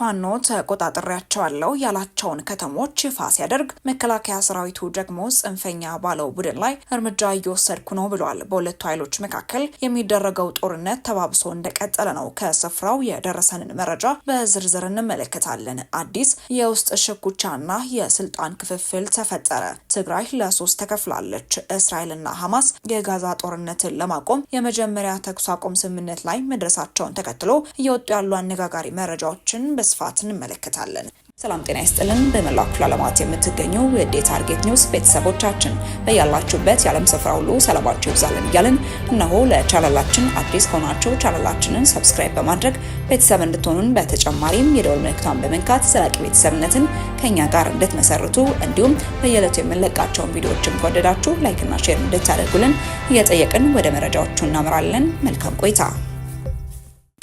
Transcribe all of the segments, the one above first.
ፋኖ ተቆጣጠሪያቸዋለሁ ያላቸውን ከተሞች ይፋ ሲያደርግ መከላከያ ሰራዊቱ ደግሞ ጽንፈኛ ባለው ቡድን ላይ እርምጃ እየወሰድኩ ነው ብሏል። በሁለቱ ኃይሎች መካከል የሚደረገው ጦርነት ተባብሶ እንደቀጠለ ነው። ከስፍራው የደረሰንን መረጃ በዝርዝር እንመለከታለን። አዲስ የውስጥ ሽኩቻና የስልጣን ክፍፍል ተፈጠረ። ትግራይ ለሶስት ተከፍላለች። እስራኤልና ሐማስ የጋዛ ጦርነትን ለማቆም የመጀመሪያ ተኩስ አቁም ስምምነት ላይ መድረሳቸውን ተከትሎ እየወጡ ያሉ አነጋጋሪ መረጃዎችን በስፋት እንመለከታለን። ሰላም ጤና ይስጥልን። በመላው ክፍለ ዓለማት የምትገኙ የዴ ታርጌት ኒውስ ቤተሰቦቻችን በያላችሁበት የዓለም ስፍራ ሁሉ ሰላማችሁ ይብዛልን እያልን እነሆ ለቻናላችን አዲስ ከሆናችሁ ቻናላችንን ሰብስክራይብ በማድረግ ቤተሰብ እንድትሆኑን፣ በተጨማሪም የደወል ምልክቷን በመንካት ዘላቂ ቤተሰብነትን ከእኛ ጋር እንድትመሰርቱ እንዲሁም በየዕለቱ የምንለቃቸውን ቪዲዮዎችን ከወደዳችሁ ላይክና ሼር እንድታደርጉልን እየጠየቅን ወደ መረጃዎቹ እናምራለን። መልካም ቆይታ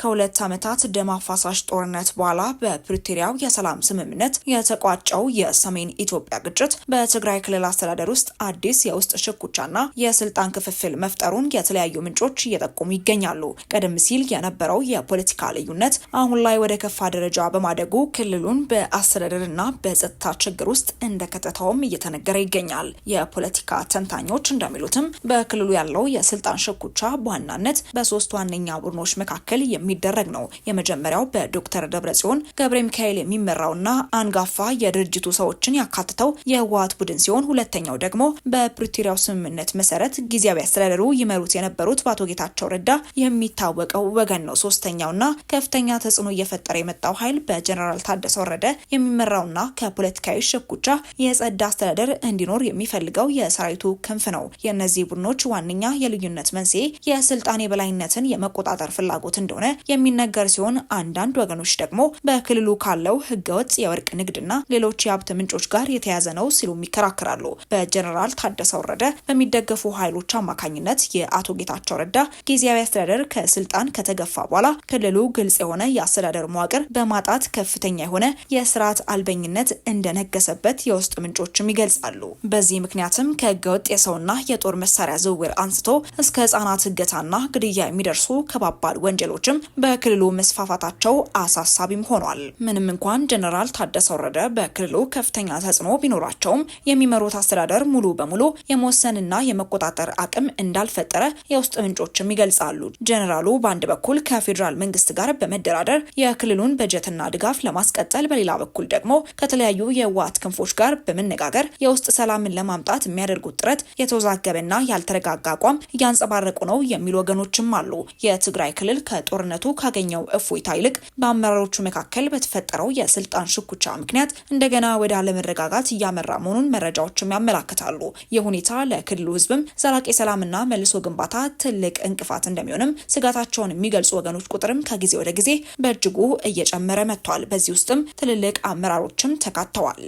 ከሁለት ዓመታት ደም አፋሳሽ ጦርነት በኋላ በፕሪቶሪያው የሰላም ስምምነት የተቋጨው የሰሜን ኢትዮጵያ ግጭት በትግራይ ክልል አስተዳደር ውስጥ አዲስ የውስጥ ሽኩቻና የስልጣን ክፍፍል መፍጠሩን የተለያዩ ምንጮች እየጠቆሙ ይገኛሉ። ቀደም ሲል የነበረው የፖለቲካ ልዩነት አሁን ላይ ወደ ከፋ ደረጃ በማደጉ ክልሉን በአስተዳደርና በጸጥታ ችግር ውስጥ እንደከተታውም እየተነገረ ይገኛል። የፖለቲካ ተንታኞች እንደሚሉትም በክልሉ ያለው የስልጣን ሽኩቻ በዋናነት በሶስት ዋነኛ ቡድኖች መካከል የሚ የሚደረግ ነው። የመጀመሪያው በዶክተር ደብረጽዮን ገብረ ሚካኤል የሚመራውና አንጋፋ የድርጅቱ ሰዎችን ያካትተው የህወሀት ቡድን ሲሆን ሁለተኛው ደግሞ በፕሪቶሪያው ስምምነት መሰረት ጊዜያዊ አስተዳደሩ ይመሩት የነበሩት በአቶ ጌታቸው ረዳ የሚታወቀው ወገን ነው። ሶስተኛውና ከፍተኛ ተጽዕኖ እየፈጠረ የመጣው ኃይል በጀነራል ታደሰ ወረደ የሚመራውና ከፖለቲካዊ ሽኩቻ የጸዳ አስተዳደር እንዲኖር የሚፈልገው የሰራዊቱ ክንፍ ነው። የእነዚህ ቡድኖች ዋነኛ የልዩነት መንስኤ የስልጣን የበላይነትን የመቆጣጠር ፍላጎት እንደሆነ የሚነገር ሲሆን አንዳንድ ወገኖች ደግሞ በክልሉ ካለው ህገወጥ የወርቅ ንግድና ሌሎች የሀብት ምንጮች ጋር የተያዘ ነው ሲሉም ይከራከራሉ። በጀነራል ታደሰ ወረደ በሚደገፉ ኃይሎች አማካኝነት የአቶ ጌታቸው ረዳ ጊዜያዊ አስተዳደር ከስልጣን ከተገፋ በኋላ ክልሉ ግልጽ የሆነ የአስተዳደር መዋቅር በማጣት ከፍተኛ የሆነ የስርዓት አልበኝነት እንደነገሰበት የውስጥ ምንጮችም ይገልጻሉ። በዚህ ምክንያትም ከህገወጥ የሰውና የጦር መሳሪያ ዝውውር አንስቶ እስከ ህጻናት እገታና ግድያ የሚደርሱ ከባባድ ወንጀሎችም በክልሉ መስፋፋታቸው አሳሳቢም ሆኗል። ምንም እንኳን ጀነራል ታደሰ ወረደ በክልሉ ከፍተኛ ተጽዕኖ ቢኖራቸውም የሚመሩት አስተዳደር ሙሉ በሙሉ የመወሰንና የመቆጣጠር አቅም እንዳልፈጠረ የውስጥ ምንጮችም ይገልጻሉ። ጀነራሉ በአንድ በኩል ከፌዴራል መንግስት ጋር በመደራደር የክልሉን በጀትና ድጋፍ ለማስቀጠል፣ በሌላ በኩል ደግሞ ከተለያዩ የህወሓት ክንፎች ጋር በመነጋገር የውስጥ ሰላምን ለማምጣት የሚያደርጉት ጥረት የተወዛገበና ያልተረጋጋ አቋም እያንጸባረቁ ነው የሚሉ ወገኖችም አሉ። የትግራይ ክልል ከጦርነ በመሪነቱ ካገኘው እፎይታ ይልቅ በአመራሮቹ መካከል በተፈጠረው የስልጣን ሽኩቻ ምክንያት እንደገና ወደ አለመረጋጋት እያመራ መሆኑን መረጃዎችም ያመላክታሉ። ይህ ሁኔታ ለክልሉ ህዝብም ዘላቂ ሰላምና መልሶ ግንባታ ትልቅ እንቅፋት እንደሚሆንም ስጋታቸውን የሚገልጹ ወገኖች ቁጥርም ከጊዜ ወደ ጊዜ በእጅጉ እየጨመረ መጥቷል። በዚህ ውስጥም ትልልቅ አመራሮችም ተካተዋል።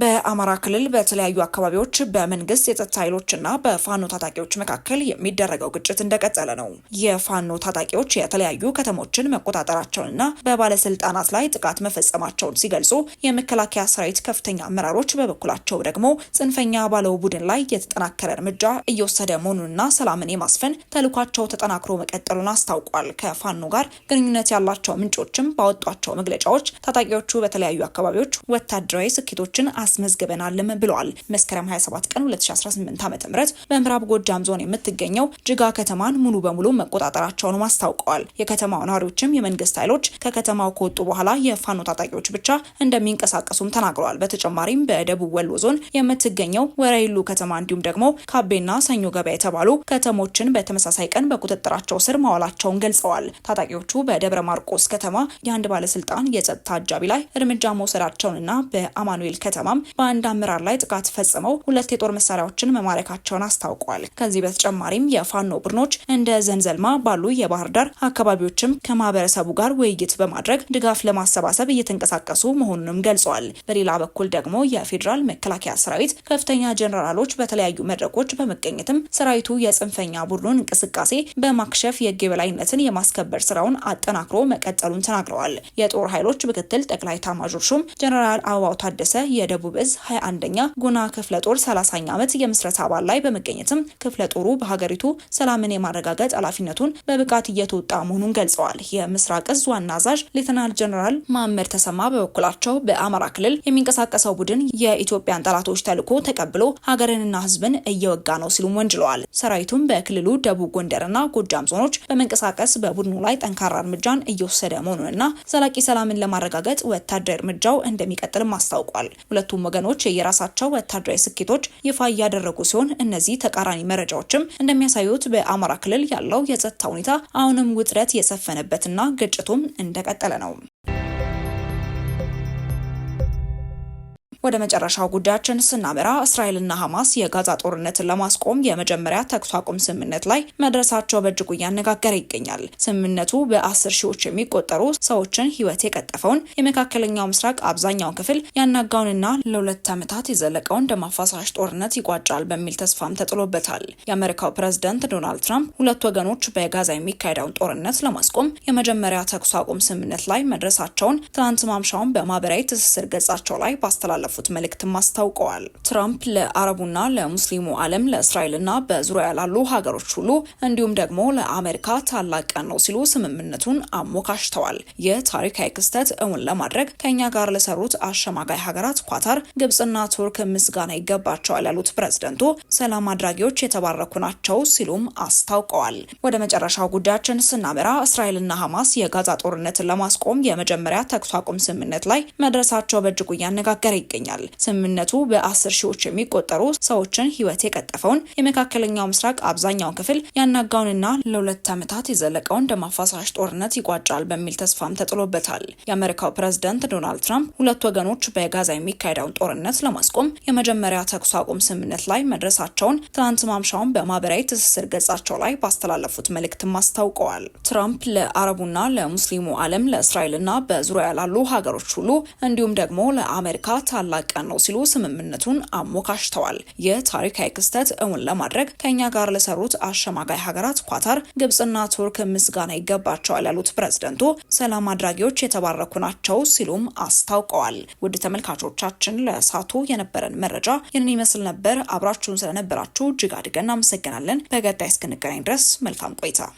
በአማራ ክልል በተለያዩ አካባቢዎች በመንግስት የጸጥታ ኃይሎችና በፋኖ ታጣቂዎች መካከል የሚደረገው ግጭት እንደቀጠለ ነው። የፋኖ ታጣቂዎች የተለያዩ ከተሞችን መቆጣጠራቸውንና በባለስልጣናት ላይ ጥቃት መፈጸማቸውን ሲገልጹ፣ የመከላከያ ሰራዊት ከፍተኛ አመራሮች በበኩላቸው ደግሞ ጽንፈኛ ባለው ቡድን ላይ የተጠናከረ እርምጃ እየወሰደ መሆኑንና ሰላምን የማስፈን ተልኳቸው ተጠናክሮ መቀጠሉን አስታውቋል። ከፋኖ ጋር ግንኙነት ያላቸው ምንጮችም ባወጧቸው መግለጫዎች ታጣቂዎቹ በተለያዩ አካባቢዎች ወታደራዊ ስኬቶችን አስመዝግበናልም ብለዋል። መስከረም 27 ቀን 2018 ዓ.ም በምዕራብ ጎጃም ዞን የምትገኘው ጅጋ ከተማን ሙሉ በሙሉ መቆጣጠራቸውንም አስታውቀዋል። የከተማው ነዋሪዎችም የመንግስት ኃይሎች ከከተማው ከወጡ በኋላ የፋኖ ታጣቂዎች ብቻ እንደሚንቀሳቀሱም ተናግረዋል። በተጨማሪም በደቡብ ወሎ ዞን የምትገኘው ወረይሉ ከተማ እንዲሁም ደግሞ ካቤና ሰኞ ገበያ የተባሉ ከተሞችን በተመሳሳይ ቀን በቁጥጥራቸው ስር ማዋላቸውን ገልጸዋል። ታጣቂዎቹ በደብረ ማርቆስ ከተማ የአንድ ባለስልጣን የጸጥታ አጃቢ ላይ እርምጃ መውሰዳቸውንና በአማኑኤል ከተማ ከተማም በአንድ አመራር ላይ ጥቃት ፈጽመው ሁለት የጦር መሳሪያዎችን መማረካቸውን አስታውቋል። ከዚህ በተጨማሪም የፋኖ ቡድኖች እንደ ዘንዘልማ ባሉ የባህር ዳር አካባቢዎችም ከማህበረሰቡ ጋር ውይይት በማድረግ ድጋፍ ለማሰባሰብ እየተንቀሳቀሱ መሆኑንም ገልጸዋል። በሌላ በኩል ደግሞ የፌዴራል መከላከያ ሰራዊት ከፍተኛ ጀኔራሎች በተለያዩ መድረኮች በመገኘትም ሰራዊቱ የጽንፈኛ ቡድኑን እንቅስቃሴ በማክሸፍ የህግ የበላይነትን የማስከበር ስራውን አጠናክሮ መቀጠሉን ተናግረዋል። የጦር ኃይሎች ምክትል ጠቅላይ ኤታማዦር ሹም ጀኔራል አበባው ታደሰ የደ የደቡብ እዝ 21ኛ ጉና ክፍለ ጦር 30ኛ ዓመት የምስረት አባል ላይ በመገኘትም ክፍለ ጦሩ በሀገሪቱ ሰላምን የማረጋገጥ ኃላፊነቱን በብቃት እየተወጣ መሆኑን ገልጸዋል። የምስራቅ እዝ ዋና አዛዥ ሌተናል ጀነራል ማመር ተሰማ በበኩላቸው በአማራ ክልል የሚንቀሳቀሰው ቡድን የኢትዮጵያን ጠላቶች ተልዕኮ ተቀብሎ ሀገርንና ህዝብን እየወጋ ነው ሲሉም ወንጅለዋል። ሰራዊቱም በክልሉ ደቡብ ጎንደርና ጎጃም ዞኖች በመንቀሳቀስ በቡድኑ ላይ ጠንካራ እርምጃን እየወሰደ መሆኑንና ዘላቂ ሰላምን ለማረጋገጥ ወታደራዊ እርምጃው እንደሚቀጥልም አስታውቋል። ሁለቱም ወገኖች የየራሳቸው ወታደራዊ ስኬቶች ይፋ እያደረጉ ሲሆን እነዚህ ተቃራኒ መረጃዎችም እንደሚያሳዩት በአማራ ክልል ያለው የጸጥታ ሁኔታ አሁንም ውጥረት የሰፈነበትና ግጭቱም እንደቀጠለ ነው። ወደ መጨረሻው ጉዳያችን ስናመራ እስራኤልና ሐማስ የጋዛ ጦርነትን ለማስቆም የመጀመሪያ ተኩስ አቁም ስምምነት ላይ መድረሳቸው በእጅጉ እያነጋገረ ይገኛል። ስምምነቱ በአስር ሺዎች የሚቆጠሩ ሰዎችን ሕይወት የቀጠፈውን የመካከለኛው ምስራቅ አብዛኛውን ክፍል ያናጋውንና ለሁለት ዓመታት የዘለቀውን ደም አፋሳሽ ጦርነት ይቋጫል በሚል ተስፋም ተጥሎበታል። የአሜሪካው ፕሬዝዳንት ዶናልድ ትራምፕ ሁለት ወገኖች በጋዛ የሚካሄደውን ጦርነት ለማስቆም የመጀመሪያ ተኩስ አቁም ስምምነት ላይ መድረሳቸውን ትናንት ማምሻውን በማህበራዊ ትስስር ገጻቸው ላይ ባስተላለፉ ባስተላለፉት መልእክትም አስታውቀዋል። ትራምፕ ለአረቡና ለሙስሊሙ ዓለም ለእስራኤልና በዙሪያ ላሉ ሀገሮች ሁሉ እንዲሁም ደግሞ ለአሜሪካ ታላቅ ቀን ነው ሲሉ ስምምነቱን አሞካሽተዋል። ይህ ታሪካዊ ክስተት እውን ለማድረግ ከእኛ ጋር ለሰሩት አሸማጋይ ሀገራት ኳታር፣ ግብጽና ቱርክ ምስጋና ይገባቸዋል ያሉት ፕሬዝደንቱ ሰላም አድራጊዎች የተባረኩ ናቸው ሲሉም አስታውቀዋል። ወደ መጨረሻው ጉዳያችን ስናመራ እስራኤልና ሐማስ የጋዛ ጦርነትን ለማስቆም የመጀመሪያ ተኩስ አቁም ስምምነት ላይ መድረሳቸው በእጅጉ እያነጋገረ ይገኛል። ይገኛል። ስምምነቱ በአስር ሺዎች የሚቆጠሩ ሰዎችን ህይወት የቀጠፈውን የመካከለኛው ምስራቅ አብዛኛውን ክፍል ያናጋውንና ለሁለት ዓመታት የዘለቀውን ደም አፋሳሽ ጦርነት ይቋጫል በሚል ተስፋም ተጥሎበታል። የአሜሪካው ፕሬዝዳንት ዶናልድ ትራምፕ ሁለት ወገኖች በጋዛ የሚካሄደውን ጦርነት ለማስቆም የመጀመሪያ ተኩስ አቁም ስምምነት ላይ መድረሳቸውን ትናንት ማምሻውን በማህበራዊ ትስስር ገጻቸው ላይ ባስተላለፉት መልእክትም አስታውቀዋል። ትራምፕ ለአረቡና ለሙስሊሙ ዓለም ለእስራኤልና በዙሪያ ላሉ ሀገሮች ሁሉ እንዲሁም ደግሞ ለአሜሪካ ታላ ታላቅ ቀን ነው ሲሉ ስምምነቱን አሞካሽተዋል። ይህ ታሪካዊ ክስተት እውን ለማድረግ ከእኛ ጋር ለሰሩት አሸማጋይ ሀገራት ኳታር፣ ግብጽና ቱርክ ምስጋና ይገባቸዋል ያሉት ፕሬዝደንቱ ሰላም አድራጊዎች የተባረኩ ናቸው ሲሉም አስታውቀዋል። ውድ ተመልካቾቻችን ለእሳቱ የነበረን መረጃ ይህንን ይመስል ነበር። አብራችሁን ስለነበራችሁ እጅግ አድገን አመሰግናለን። በቀጣይ እስክንገናኝ ድረስ መልካም ቆይታ